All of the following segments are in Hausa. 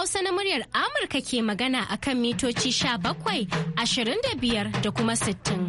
Hausa na muryar Amurka ke magana a kan mitoci 17, 25 da kuma sittin.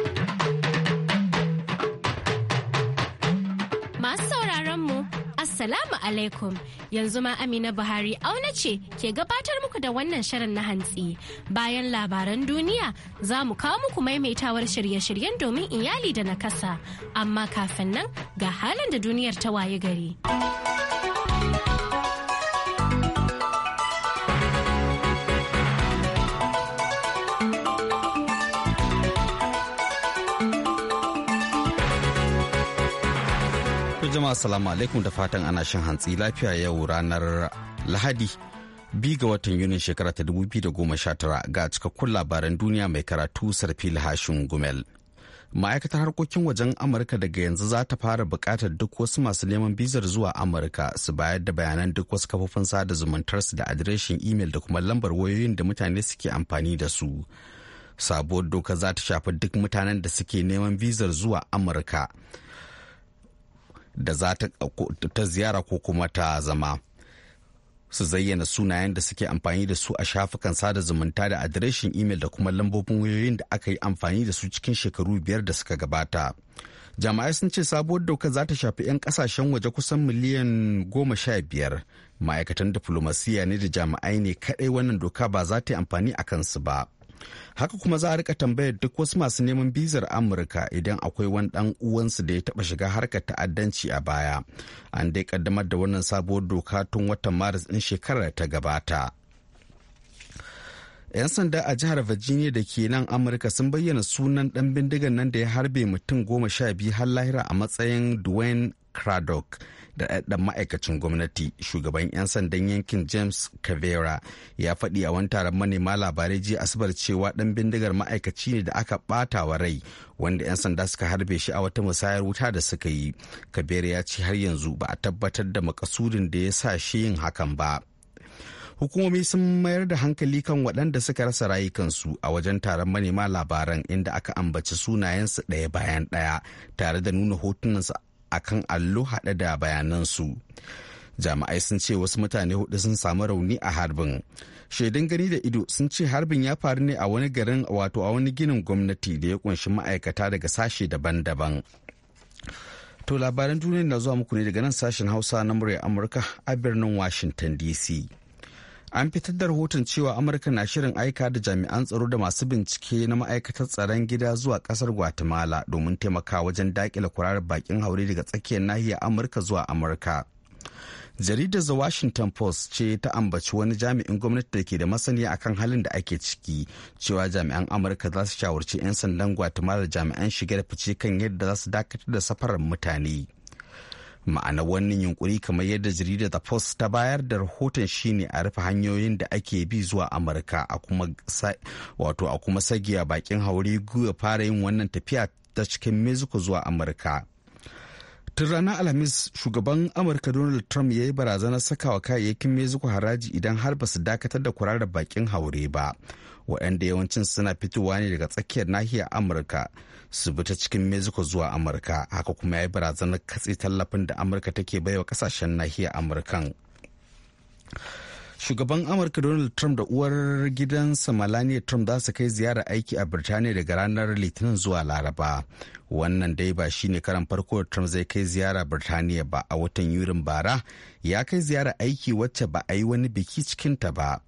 Masu sauraron mu, Assalamu alaikum. Yanzu ma Amina Buhari auna ce ke gabatar muku da wannan shirin na hantsi. Bayan labaran duniya, za mu kawo muku maimaitawar shirye-shiryen domin iyali da na kasa Amma kafin nan ga halin da duniyar ta waye gari. jama'a salamu alaikum da fatan ana shan hantsi lafiya yau ranar lahadi bi ga watan yunin shekara ta 2019 ga cikakkun labaran duniya mai karatu sarfil hashin gumel ma'aikatar harkokin wajen amurka daga yanzu za ta fara bukatar duk wasu masu neman bizar zuwa amurka su bayar da bayanan duk wasu kafofin sada zumuntar su da adireshin imel da kuma lambar wayoyin da mutane suke amfani da su sabuwar doka za ta shafi duk mutanen da suke neman bizar zuwa amurka da za ta ziyara ko kuma ta zama su zayyana sunayen da suke amfani da su a shafukan sada zumunta da adireshin imel da kuma lambobin wayoyin da aka yi amfani da su cikin shekaru biyar da suka gabata jama'ai sun ce sabuwar doka za ta shafi 'yan kasashen waje kusan miliyan goma sha biyar ma'aikatan diflomasiyya ne da jama'ai ne kadai wannan doka ba za ta yi amfani a kansu ba haka kuma za a rika tambayar duk wasu masu neman bizar amurka idan akwai wani ɗan uwansu da ya taɓa shiga harkar ta'addanci a baya an dai kaddamar da wannan sabuwar doka tun watan maris din shekarar ta gabata 'yan sanda a jihar virginia da ke nan amurka sun bayyana sunan dan bindigan nan da ya harbe mutum goma sha biyu har lahira a matsayin dwayne craddock da ɗan ma'aikacin gwamnati shugaban 'yan sandan yankin james cavera ya faɗi a wani taron manema labarai jiya asibar cewa ɗan bindigar ma'aikaci ne da aka ɓata wa rai wanda 'yan sanda suka harbe shi a wata musayar wuta da suka yi cavera ya ce har yanzu ba a tabbatar da makasudin da ya sa shi yin hakan ba hukumomi sun mayar da hankali kan waɗanda suka rasa rayukansu a wajen taron manema labaran inda aka ambaci sunayensu ɗaya bayan ɗaya tare da nuna hotunansu akan allo haɗe da bayanansu jami'ai sun ce wasu mutane hudu sun samu rauni a harbin shaidun gani da ido sun ce harbin ya faru ne a wani garin wato a wani ginin gwamnati da ya kunshi ma'aikata daga sashe daban-daban to labaran duniya na zuwa muku ne daga nan sashen hausa na murya amurka a birnin washington dc an fitar da rahoton cewa amurka na shirin aika da jami'an tsaro da masu bincike na ma'aikatar tsaron gida zuwa kasar guatemala domin taimaka wajen dakile kurarar bakin haure daga tsakiyar nahiyar amurka zuwa amurka jaridar the washington post ce ta ambaci wani jami'in gwamnati da ke da masaniya akan halin da ake ciki cewa jami'an amurka za su shawarci 'yan sandan guatemala jami'an shiga da fice kan yadda za su dakatar da safarar mutane ma'ana wannan yunkuri kamar yadda jaridar the post ta bayar da rahoton shine a rufe hanyoyin da ake bi zuwa amurka a kuma wato a kuma sagiya bakin haure guya fara yin wannan tafiya ta cikin mexico zuwa amurka tun ranar alhamis shugaban amurka donald trump ya yi barazanar sakawa kayayyakin mexico haraji idan har ba su dakatar da kurarar bakin haure ba waɗanda yawancin suna fitowa ne daga tsakiyar nahiyar amurka su bi ta cikin mexico zuwa amurka haka kuma ya yi barazanar katse tallafin da amurka take baiwa kasashen nahiyar amurkan shugaban amurka donald trump da uwar gidansa melania trump za su kai ziyara aiki a birtaniya daga ranar litinin zuwa laraba wannan dai ba shine karan farko da trump zai kai ziyara birtaniya ba a watan yurin bara ya kai ziyara aiki wacce ba a yi wani biki cikinta ba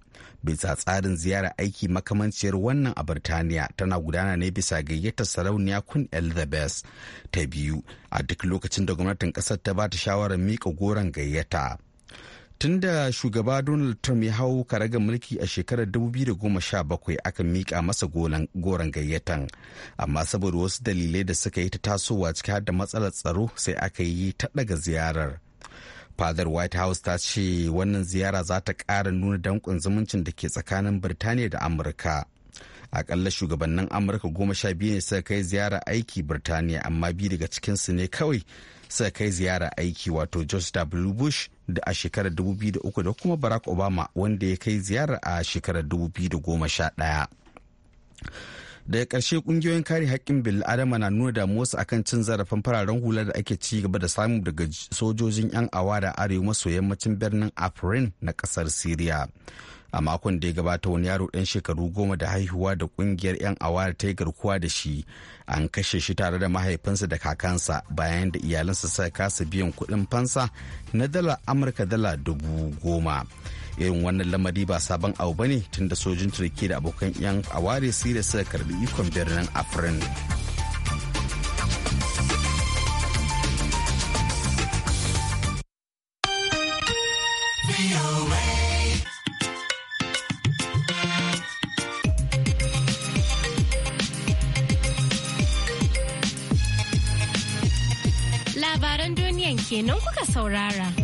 bisa tsarin ziyarar aiki makamanciyar wannan a birtaniya tana gudana ne bisa gayyatar sarauniya kun elizabeth ta biyu a duk lokacin da gwamnatin kasar ta ba ta shawarar mika goron gayyata tun da shugaba donald trump ya hau karagar mulki a shekarar 2017 aka miƙa masa goron gayyatan amma saboda wasu dalilai da suka yi ta tasowa ciki har da matsalar tsaro sai aka yi ta ɗaga ziyarar fadar white house ta ce wannan ziyara za ta ƙara nuna danƙon zumuncin da ke tsakanin birtaniya da amurka akalla shugabannin amurka goma sha biyu ne suka kai ziyara aiki birtaniya amma biyu daga cikinsu ne kawai suka kai ziyara aiki wato george w bush da a shekarar 2003 da kuma barack obama wanda ya kai ziyara a shekarar 2011 daga ƙarshe kungiyoyin kare haƙƙin bil'adama na nuna damuwarsu akan cin zarafin fararen hula da ake ci gaba da samu daga sojojin 'yan awada arewa maso yammacin birnin afrin na ƙasar siriya a makon da ya gabata wani yaro dan shekaru goma da haihuwa da ƙungiyar 'yan awara ta yi garkuwa da shi an kashe shi tare da mahaifinsa da kakansa bayan da iyalansa suka kasa biyan kuɗin fansa na dala amurka dala dubu goma irin wannan lamari ba sabon abu bane da sojin turki da abokan yan aware siriya suka karbi ikon birnin afrin labaran duniyan kenan kuka saurara.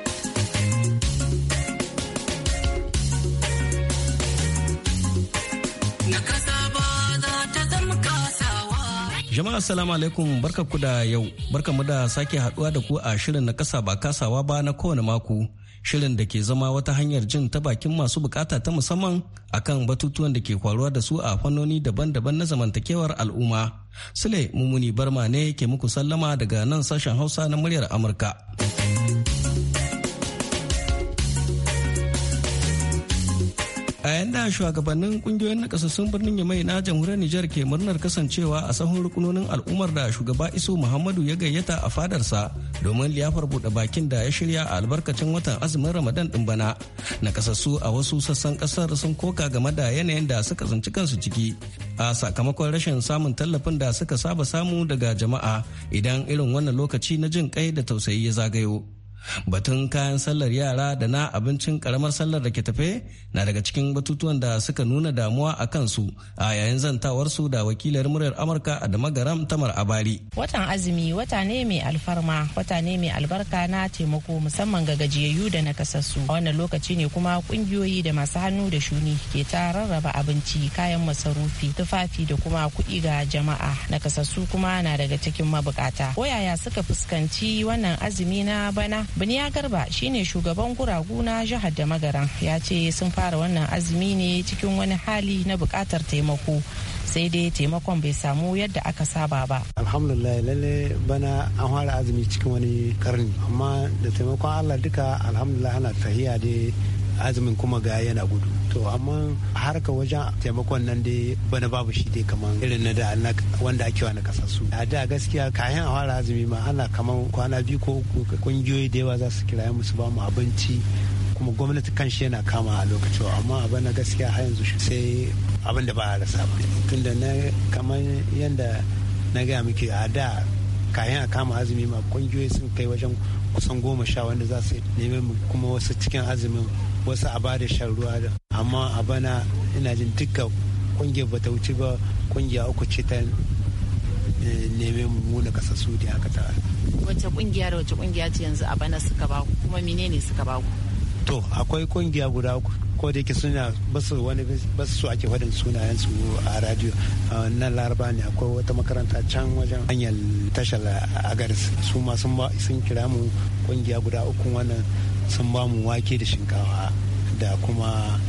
Jama'a assalamu alaikum barkanku da yau mu da sake haduwa da ku a shirin na kasa ba kasawa ba na kowane mako shirin da ke zama wata hanyar jin ta bakin masu bukata ta musamman akan batutuwan da ke kwaruwa da su a fannoni daban-daban na zamantakewar al'umma. Sule Mumuni Barma ne ke muku sallama daga nan sashen Hausa na muryar Amurka. a yanda shugabannin kungiyoyin nakasassun birnin yamai na jamhuriyar nijar ke murnar kasancewa a sahun rukunonin al'ummar da shugaba iso muhammadu ya gayyata a fadarsa domin liyafar buɗe bakin da ya shirya a albarkacin watan azumin ramadan ɗin bana nakasassu a wasu sassan ƙasar sun koka game da yanayin da suka zanci kansu ciki a sakamakon rashin samun tallafin da suka saba samu daga jama'a idan irin wannan lokaci na jin kai da tausayi ya zagayo batun kayan sallar yara da na abincin karamar sallar da ke tafe na daga cikin batutuwan da suka nuna damuwa a kansu a yayin su da wakilar muryar amurka a damagaram tamar abari watan azumi wata ne mai alfarma wata ne mai albarka na taimako musamman ga gajiyayyu da nakasassu a wannan lokaci ne kuma kungiyoyi da masu hannu da shuni ke ta rarraba abinci kayan masarufi tufafi da kuma kuɗi ga jama'a nakasassu kuma na daga cikin mabukata ko yaya suka fuskanci wannan azumi na bana biniya garba shine shugaban guragu na jihar da magaran ya ce sun fara wannan azumi ne cikin wani hali na bukatar taimako sai dai taimakon bai samu yadda aka saba ba. Alhamdulillah lalle bana an fara azumi cikin wani karni amma da taimakon Allah duka alhamdulillah ana tahiya dai azumin kuma ga yana gudu to amma harka wajen taimakon nan dai bana babu shi dai kamar irin na da wanda ake wani na su a da gaskiya kayan a fara azumi ma ana kamar kwana biyu ko kungiyoyi da yawa za su kira musu ba mu abinci kuma gwamnati kan shi yana kama a lokacin amma abin na gaskiya har yanzu sai abin da ba a rasa ba tunda na kamar yadda na gaya muke. a da kayan a kama azumi ma kungiyoyi sun kai wajen kusan goma sha wanda za su nemi kuma wasu cikin azumin wasu a ba da shan ruwa da amma a bana ina jin duka kungiyar bata wuce ba kungiya uku ce ta eh, neme mummuna kasa su da haka ta wace kungiya da wace kungiya ce yanzu a bana suka ba kuma menene suka ba ku to akwai kungiya guda uku ko da yake suna basu wani basu su ake faɗin sunayen su a radio na laraba ne akwai wata makaranta can wajen hanyar tashar agaris su ma sun kira mu kungiya guda uku wannan sun ba mu wake da shinkawa da kuma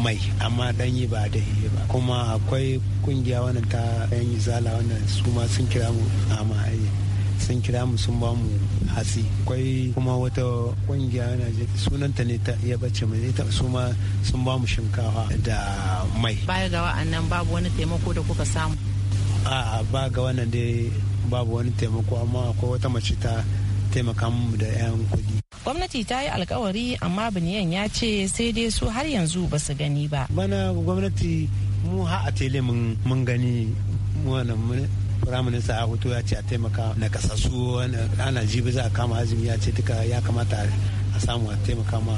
mai amma yi ba da ba kuma akwai kungiya wannan ta yan zala wannan su ma sun kira mu amma sun kira mu sun ba mu hatsi akwai kuma wata kungiya na sunanta ne ta iya bace mai ita su ma sun ba mu shinkafa da mai baya ga wa'annan babu wani taimako da kuka samu a ba ga wannan dai babu wani taimako amma akwai wata mace ta taimaka mu da 'yan kudi gwamnati ta yi alkawari amma biniyan ya ce sai dai su har yanzu ba su gani ba bana gwamnati mu ha a tele mun gani firaminista ya hoto ya ce a taimaka na su ana jibi za a kama azumi ya ce duka ya kamata a samu a taimaka ma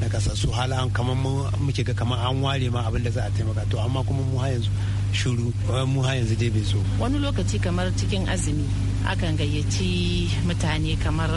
na su hala an kamar muke ga kamar an ware ma abin da za a taimaka to amma kuma mu har yanzu shuru mu har yanzu dai bai zo wani lokaci kamar cikin azumi akan gayyaci mutane kamar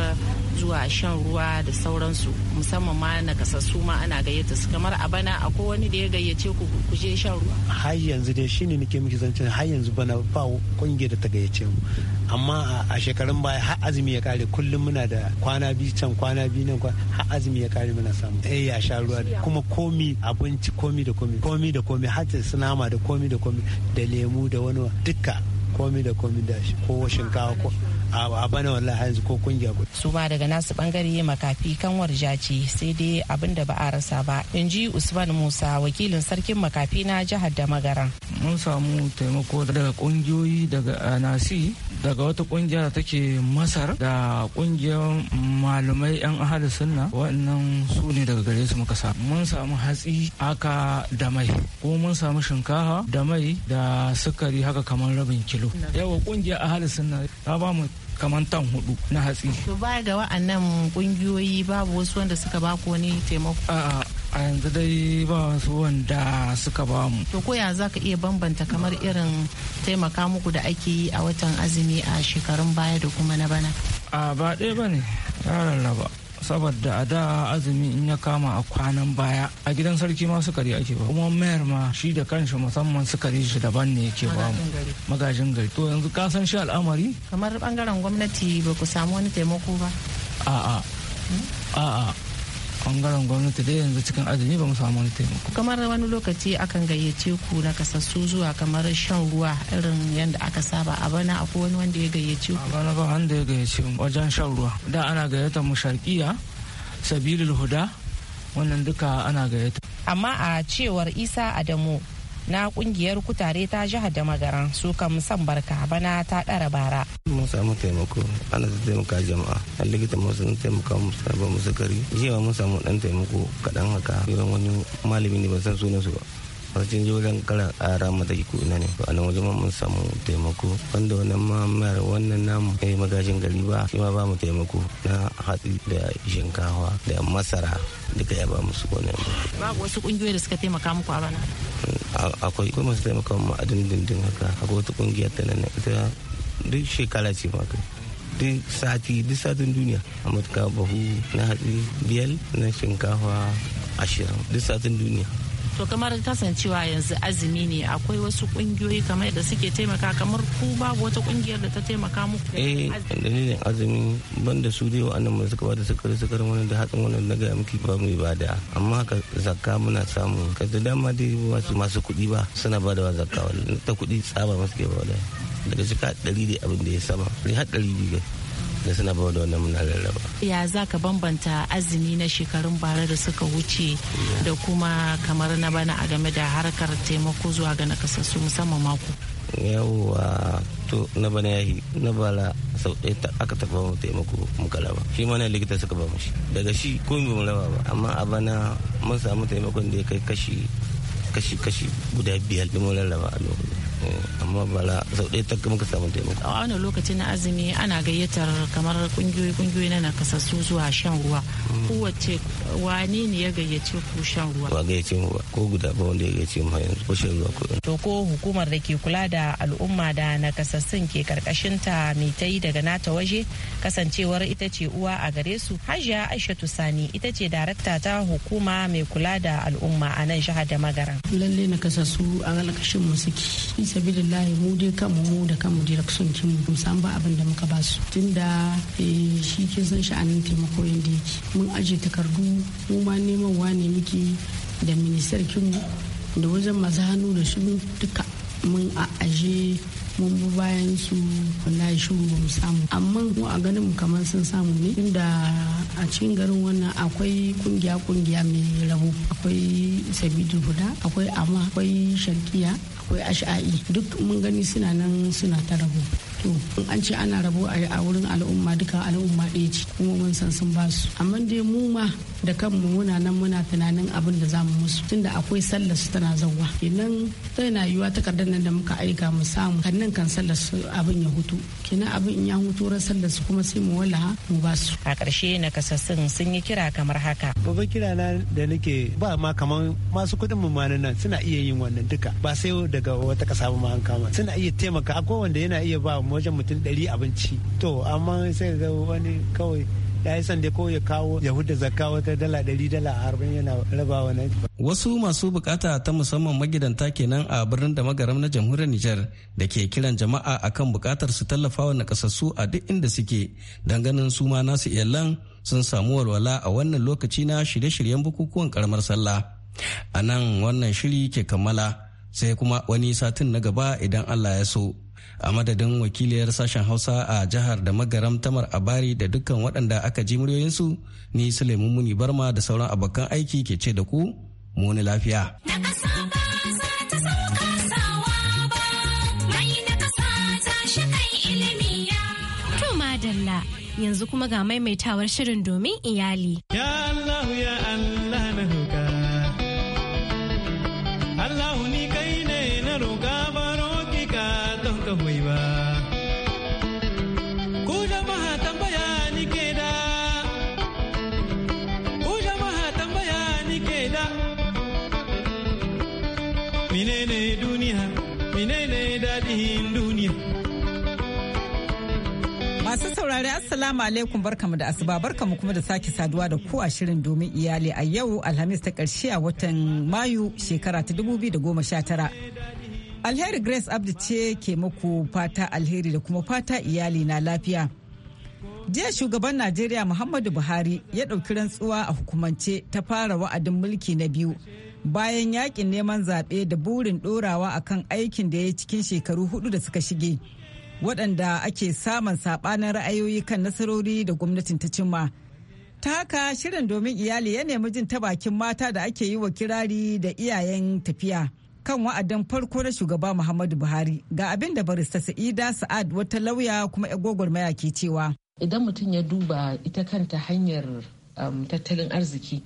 zuwa shan ruwa da sauransu musamman ma na kasassu ma ana gayyata su kamar a bana akwai wani da ya gayyace ku ku je shan ruwa har yanzu dai shine nake miki zance har yanzu bana ba kungiyar da ta gayyace mu amma a shekarun baya har azumi ya kare kullum muna da kwana biyu can kwana biyu nan har azumi ya kare muna samu eh ya sha ruwa kuma komi abinci komi da komi komi da komi har su nama da komi da komi da lemu da wani duka komi da komi da shi ko shinkawa ko a bana wallahi yanzu ko kungiya ko su ba daga nasu bangare makafi kanwar jaci sai dai abin da ba a rasa ba in ji usman musa wakilin sarkin makafi na jihar da magaran mun samu taimako daga kungiyoyi daga nasi daga wata kungiya da take masar da kungiyar malamai yan ahadu sunna wannan su ne daga gare su muka samu mun samu hatsi aka da mai ko mun samu shinkafa da mai da sukari haka kamar rabin kilo yawa kungiyar ahadu sunna ta ba mu kamar tan hudu na hatsi. To baya ga wa'annan kungiyoyi babu wasu wanda suka ba ku wani taimako. a yanzu dai ba wasu wanda suka ba mu. To koya za ka iya bambanta kamar irin taimaka muku da ake yi a watan azumi a shekarun baya da kuma na bana? A ba ɗaya ba ne, ya rarraba. saboda a da azumi in ya kama a kwanan baya a gidan sarki ma sukari ake ba kuma mayar ma shi da kanshi musamman sukari shi daban ne yake ba mu magajin gari to yanzu ka san shi al'amari kamar bangaren gwamnati ba ku samu wani taimako ba a'a hmm? a'a bangaren gwamnati da yanzu cikin azumi ba mu samu wani taimako kamar wani lokaci akan gayyace ku na kasassu zuwa kamar shan ruwa irin yadda aka saba a bana akwai wani wanda ya gayyace ku a bana ba wanda ya gayyace mu wajen shan ruwa da ana gayyata mu sharkiya sabilul huda wannan duka ana gayyata amma a cewar isa adamu na kungiyar kutare ta jihar da magaran su kan san barka bana ta ɗara bara. mun samu taimako ana ta taimaka jama'a a likita mu sun taimaka mu ba musu gari jiya mun samu dan taimako kaɗan haka yawan wani malami ne ban san sunan su ba wajen jolan karan ara mu da iko ina ne a nan wajen mun samu taimako wanda wannan ma wannan namu kai eh, magajin gari ba shi ma ba mu taimako na hatsi da shinkawa da masara duka ya ba su wannan babu wasu kungiyoyi da suka taimaka muku a bana mm, akwai kuma su taimaka mu a dindindin haka akwai wata kungiya ta nan ita duk shekara ce ma kai duk sati duk satin duniya a matuka bahu na hatsi biyal na shinkafa ashirin duk satin duniya to kamar kasancewa yanzu azumi ne akwai wasu kungiyoyi kamar da suke taimaka kamar ku babu wata kungiyar da ta taimaka muku eh dalilin azumi ban da su dai wa'annan masu suka bada sukari sukari wani da hatsin wani na gaya miki ba mu bada amma haka zakka muna samu ka da dama dai wasu masu kuɗi ba suna ba da zakka ta kuɗi tsaba masu ke ba daga ka ɗari da abin da ya sama har ɗari biyu da suna bawa da wannan muna rarraba ya za ka bambanta azumi na shekarun bara da suka wuce da kuma kamar na bana a game da harkar taimako zuwa ga nakasassu musamman mako yawwa to na bana yahi na bala sau ɗaya aka taɓa mu taimako muka raba shi ma na likita suka ba mu shi daga shi ko mu raba ba amma a bana mun samu taimakon da ya kai kashi kashi kashi guda biyar da mu rarraba a lokacin Eh, amma bala sau ɗaya ta muka samu taimako. a wani lokaci na azumi ana gayyatar kamar kungiyoyi kungiyoyi na nakasassu zuwa shan ruwa mm. kowace wani ne ya gayyace ku shan ruwa. ba gayyace mu ba ko guda ba wanda ya gayyace mu yanzu ko shan ruwa ko. to ko hukumar da ke kula da al'umma da nakasassun ke karkashin ta mai ta yi daga nata waje kasancewar ita ce uwa a gare su hajiya aisha sani ita ce darakta ta hukuma mai kula da al'umma a nan jihar da magaran. lalle nakasassu a ƙarƙashin mu suke sabilillahi mu dai kan mu da kanmu da son kin mu san ba abin da muka ba su tunda eh, shi kin san sha'anin taimako yanda yake mun aje takardu mu ma neman wane muke da kin mu da wajen masu hannu da shiru duka mun a aje mun bu bayan su wallahi shi mu mu samu amma mu a ganin mu kamar sun samu ne Tunda a cikin garin wannan akwai kungiya kungiya mai rabo akwai sabidu guda akwai ama akwai sharkiya akwai ash'a'i e. duk mun gani suna nan suna ta rabu to an ce ana rabu a wurin al'umma duka al'umma ɗaya ce kuma mun san sun ba su amma dai mu ma da kanmu muna nan muna tunanin abin da za mu musu tunda akwai sallar su tana zauwa kenan yana yiwuwa takardar nan da muka aika mu samu kan nan kan sallar su abin ya hutu kenan abin in ya hutu ran sallar su kuma sai mu wala mu ba su a ƙarshe na kasassun sun yi kira kamar haka babban kira na da nake ba ma kamar masu kuɗin mu ma nan suna iya yin wannan duka ba sai da daga wata kasa ma an kama suna iya taimaka akwai wanda yana iya ba wajen mutum ɗari abinci to amma sai ga wani kawai ya yi sanda ko ya kawo ya huda zakka wata dala ɗari dala arba'in yana raba wa wasu masu bukata ta musamman magidanta kenan a birnin da magaram na jamhuriyar nijar da ke kiran jama'a akan bukatar su tallafa wa nakasassu a duk inda suke don ganin su ma nasu iyalan sun samu walwala a wannan lokaci na shirye-shiryen bukukuwan karamar sallah a nan wannan shiri ke kammala sai kuma wani satin na gaba idan Allah ya so. A madadin wakiliyar sashen Hausa a jihar da magaram tamar abari da dukkan waɗanda aka ji muryoyinsu ni Suleiman Muni Barma da sauran abokan aiki ke ce da ku muni lafiya. To madalla yanzu kuma ga maimaitawar shirin domin iyali. Assalamu alaikum barkamu da asuba barkamu kuma da sake saduwa da ku a shirin domin iyali a yau Alhamis ta karshe a watan Mayu shekara ta 2019. Alheri Grace Abdi ce ke muku fata alheri da kuma fata iyali na lafiya. Jiya shugaban Najeriya Muhammadu Buhari ya ɗauki rantsuwa a hukumance ta fara wa'adin mulki na biyu bayan yakin neman zaɓe da burin ɗorawa akan aikin da ya cikin shekaru hudu da suka shige. waɗanda ake samun saɓanin ra'ayoyi kan nasarori da gwamnatin ta cimma. Ta haka shirin domin iyali ya nemi jin ta bakin mata da ake yi wa kirari da iyayen tafiya kan wa'adin farko na shugaba Muhammadu Buhari ga abin da barista Sa'ida Sa'ad wata lauya kuma maya ke cewa. Idan mutum ya duba ita kanta hanyar um, tattalin arziki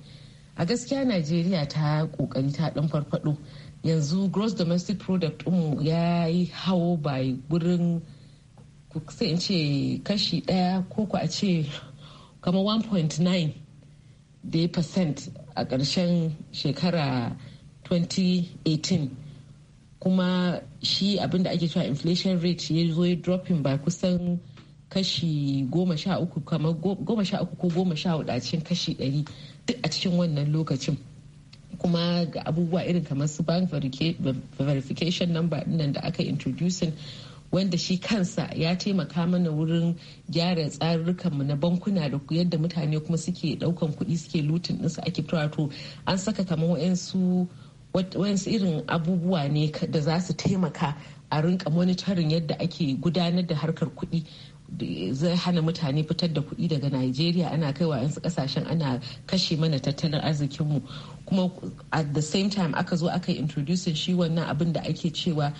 a gaskiya Najeriya ta kokari ta ɗan farfaɗo yanzu gross domestic product umu ya yi hawo bai gurin sai in ce kashi ɗaya ko ku a ce kama 1.9 da ya a ƙarshen shekara 2018 kuma shi abinda ake cewa inflation rate ya zo ya dropping ba kusan kashi goma sha uku ko goma sha hudu a cikin kashi ɗari duk a cikin wannan lokacin kuma ga abubuwa irin kamar su bank verification number nan da aka introducing wanda shi kansa ya taimaka mana wurin gyara tsarurrukanmu na bankuna da yadda mutane kuma suke daukan kuɗi suke lutin ɗinsu ake fitowa to an saka kamar wa'yansu irin abubuwa ne da za su taimaka a rinka monitorin yadda ake gudanar da harkar kuɗi zai hana mutane fitar da kuɗi daga Najeriya ana kai wa yansu kasashen ana kashe mana tattalin arzikinmu kuma at the same time aka zo aka introducing shi wannan abin da ake cewa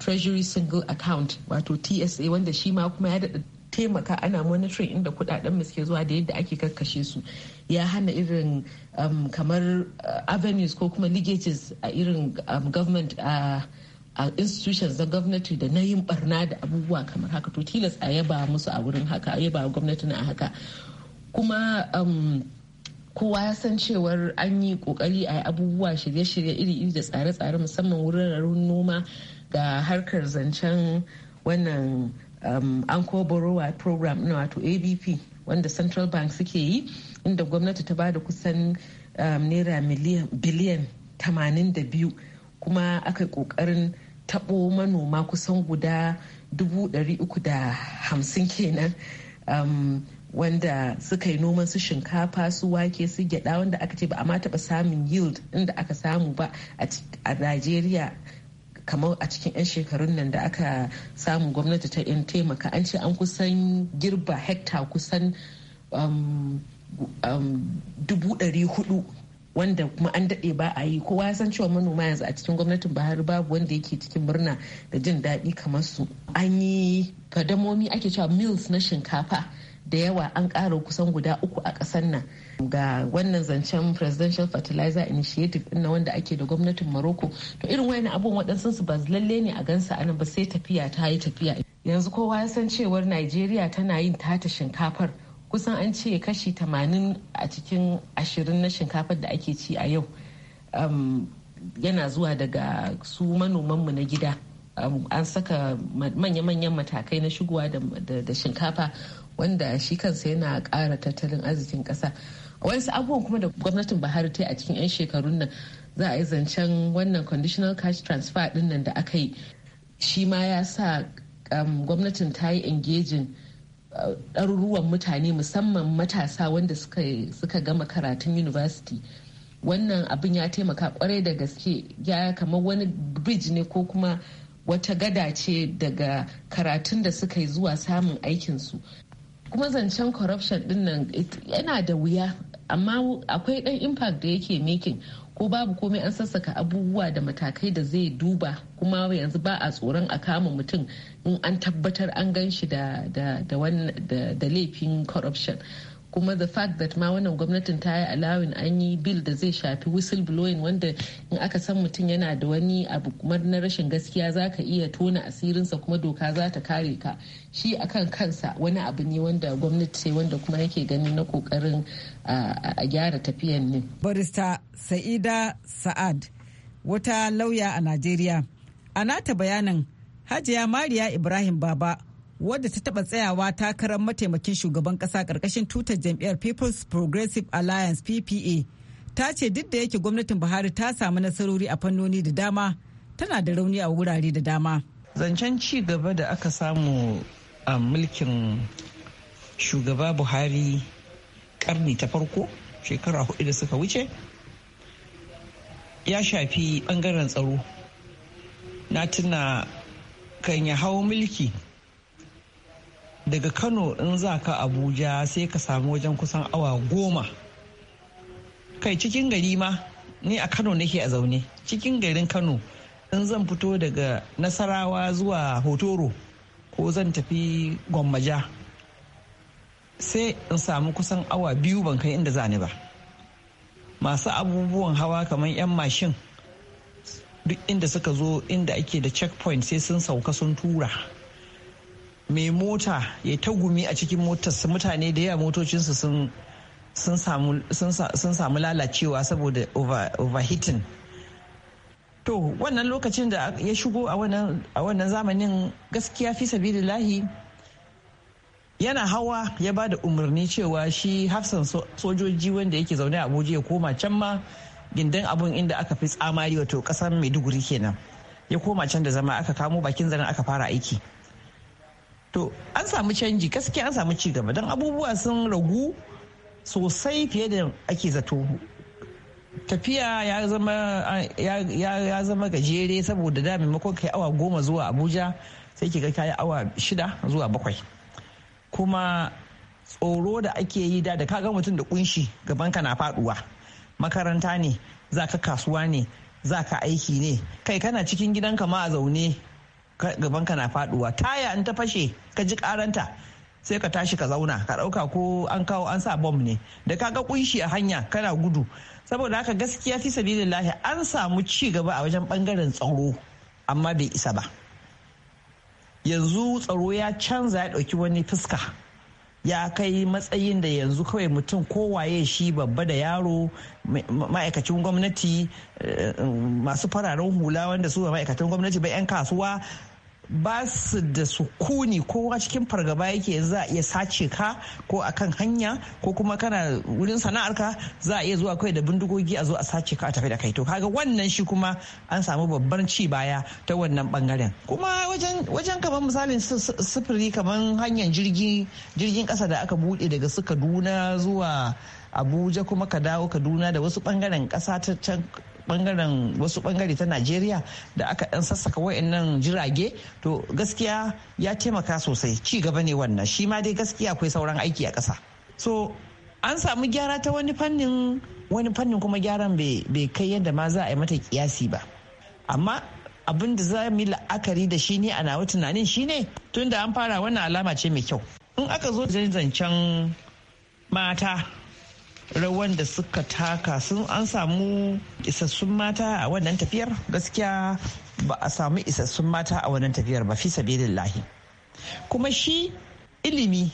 treasury single account wato tsa wanda shi ma kuma ya daɗa taimaka ana monitoring inda kuɗaɗen mu suke zuwa da yadda ake karkashe su ya hana irin um, kamar uh, avenues ko kuma ligages a irin um, government a uh, a uh, institutions na gwamnati da na yin barna da abubuwa kamar haka to tilas a yaba musu a wurin haka a yaba gwamnati na haka kuma um, kowa ya san cewar an yi kokari a abubuwa shirye-shirye iri-iri da tsare-tsare musamman wurin noma da harkar zancen wannan um, anko borowa program na wato abp wanda central bank suke yi inda gwamnati ta bada kusan um, naira biliyan 82 kuma aka yi kokarin tabo manoma kusan guda 350 kenan um, wanda suka yi noman su shinkafa su wake su gyada wanda aka ce ba a ma taba samun yield inda aka samu ba a Najeriya kamar a cikin 'yan shekarun nan da aka samu gwamnati ta 'yan taimaka an ce an kusan girba hekta kusan um, um, dubu ɗari hudu wanda kuma an daɗe ba a yi kowa ya san cewa manoma yanzu a cikin gwamnatin buhari babu wanda yake cikin murna da jin daɗi kamar su an yi fadamomi ake cewa mills na shinkafa da yawa an ƙara kusan guda uku a ƙasar nan ga wannan zancen presidential fertilizer initiative ɗin wanda ake da gwamnatin morocco to irin wani abun waɗansu su ba lalle ne a gansa anan ba sai tafiya ta yi tafiya yanzu kowa ya san cewar nigeria tana yin tata shinkafar kusan an ce kashi 80 a cikin ashirin na shinkafar da ake ci a yau um, yana zuwa daga su manomanmu na gida um, an saka manya-manyan matakai na shigowa da shinkafa wanda shi kansa yana kara tattalin arzikin ƙasa wasu abubuwan kuma da gwamnatin buhari ta yi a cikin 'yan shekarun nan za a yi zancen wannan conditional cash transfer din nan da aka yi shi ma ya sa um, gwamnatin ta yi engaging uh, ɗaruruwan mutane musamman matasa wanda suka gama karatun university wannan abin ya taimaka kwarai da gaske ya kamar wani bridge ne ko kuma wata gada ce daga karatun da suka yi zuwa samun aikinsu kuma zancen corruption din nan yana da wuya amma akwai dan impact da yake making ko babu komai an sassaka abubuwa da matakai da zai duba kuma yanzu ba a tsoron a kama mutum in an tabbatar an gan shi da laifin corruption kuma the fact that ma wannan gwamnatin ta yi allowing an yi bill da zai shafi whistleblowing wanda in aka san mutum yana da wani abu kuma na rashin gaskiya za ka iya tona asirinsa kuma doka za ta kare ka shi akan kansa wani abu ne wanda gwamnati ce wanda kuma yake ganin na kokarin a gyara tafiyan ne. barista sa'ida sa'ad wata lauya a najeriya a nata bayanin hajiya mariya ibrahim baba wadda ta taba tsayawa takarar mataimakin shugaban kasa karkashin tutar jam'iyyar people's progressive alliance ppa ta ce duk da yake gwamnatin buhari ta samu nasarori a fannoni da dama tana da rauni a wurare da dama zancen ci gaba da aka samu a mulkin shugaba buhari karni ta farko shekara hudu da suka wuce ya shafi bangaren tsaro na tuna kan ya hau mulki daga kano in za ka abuja sai ka samu wajen kusan awa goma kai cikin gari ma ni a kano nake a zaune cikin garin kano in zan fito daga nasarawa zuwa hotoro ko zan tafi gwammaja sai in samu kusan awa biyu ban kai inda zani ba masu abubuwan hawa kamar 'yan mashin duk inda suka zo inda ake da checkpoint sai sun sauka sun tura mai mota ya ta gumi a cikin motarsa mutane da yawa motocinsu sun sun samu lalacewa saboda overheating to wannan lokacin da ya shigo a wannan zamanin gaskiya fi lahi yana hawa ya ba da umarni cewa shi hafsan sojoji wanda yake zaune a abuja ya koma can ma gindin abun inda aka fi tsamari wato kasar maiduguri kenan ya koma can da zama aka kamo bakin zaren aka fara aiki to an samu canji gaskiya an samu cigaba don abubuwa sun ragu sosai fiye da ake zato tafiya ya zama gajere saboda da maimakon kai awa goma zuwa abuja sai ki ga kayi awa shida zuwa bakwai kuma tsoro da ake yi da ka ga mutum da kunshi gaban ka na faduwa makaranta ne za ka kasuwa ne za ka aiki ne kai kana cikin gidanka ma a zaune gaban ka na faduwa taya in ta fashe ka ji karanta sai ka tashi ka zauna ka dauka ko an kawo an sa bom ne da ka ga kunshi a hanya kana gudu saboda haka gaskiya fi sabilillahi an samu ci gaba a wajen bangaren tsaro amma bai isa ba yanzu tsaro ya canza ya dauki wani fuska ya kai matsayin da yanzu kawai mutum kowaye shi babba da yaro ma'aikacin gwamnati eh, masu fararen hula wanda su ma'aikatan gwamnati ba 'yan kasuwa ba su da sukuni kowa cikin fargaba yake za a iya sace ka ko a kan hanya ko kuma kana wurin sana'arka za a iya zuwa kai da bindigogi a zo a sace ka a tafi da kai to kaga wannan shi kuma an samu babban ci baya ta wannan bangaren kuma wajen wajen kamar misalin sufuri kamar hanyar jirgin kasa da aka bude daga su kaduna zuwa abuja kuma ka dawo kaduna da wasu bangaren kasa ta can bangaren wasu bangare ta najeriya da aka dan sassaka wayannan jirage to gaskiya ya taimaka sosai ci gaba ne wannan shi ma dai gaskiya akwai sauran aiki a ƙasa so an samu gyara ta wani fannin wani fannin kuma gyaran bai kai yadda ma za a yi mata kiyasi ba amma abin da za mu la'akari da shi ne a nawa tunanin shine tun da an fara wannan alama ce mai kyau in aka zo zancen mata rawan da suka taka sun an samu isassun mata a wannan tafiyar gaskiya ba a samu isassun mata a wannan tafiyar ba fi sabilillahi kuma shi ilimi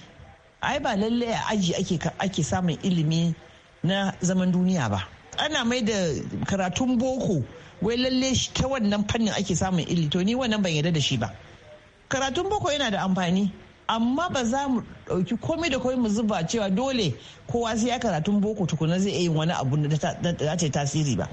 ai ba lalle a aji ake ake samun ilimi na zaman duniya ba ana mai da karatun boko wai lalle ta wannan fannin ake samun ilimi to ni wannan ban yarda da shi ba karatun boko yana da amfani amma ba za mu ɗauki komai da komai mu zuba cewa dole kowa sai ya karatun boko tukuna zai yi wani abu da za ta yi tasiri ba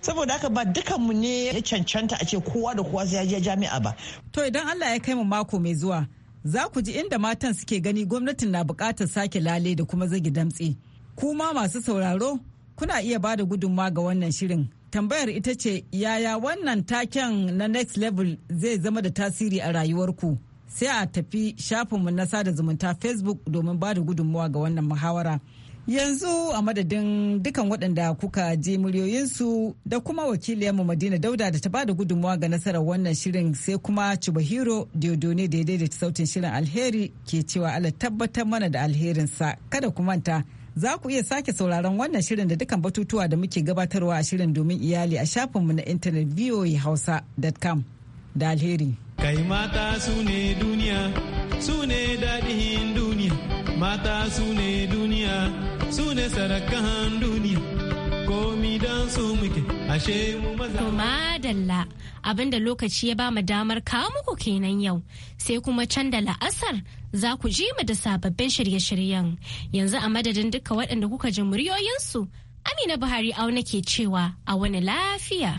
saboda haka ba dukanmu ne ya cancanta a ce kowa da kowa sai ya je jami'a ba to idan Allah ya kai mu mako mai zuwa za ku ji inda matan suke gani gwamnatin na buƙatar sake lale da kuma zagi damtse kuma masu sauraro kuna iya ba da gudunmawa ga wannan shirin tambayar ita ce yaya wannan taken na next level zai zama da tasiri a rayuwarku sai a tafi shafinmu na sada zumunta facebook domin ba da gudunmuwa ga wannan muhawara yanzu a madadin dukan waɗanda kuka je muryoyinsu da kuma wakiliyarmu madina dauda da ta ba da gudunmuwa ga nasarar wannan shirin sai kuma chubahiro diodone da ya daidaita sautin shirin alheri ke cewa ala tabbatar mana da alherinsa kada ku manta za ku iya sake sauraron wannan shirin da dukan batutuwa da muke gabatarwa a shirin domin iyali a shafinmu na intanet voahausa.com da alheri. Kai mata su ne duniya, su ne daɗin duniya, mata su ne duniya, su ne sarakan duniya. Komi don su muke, ashe mu maza. kuma madalla, abinda lokaci ya ba mu damar kawo muku kenan yau, sai kuma can da la'asar za ku ji mu da sababbin shirye-shiryen. Yanzu a madadin duka waɗanda kuka ji muryoyinsu, Amina Buhari au nake cewa a wani lafiya.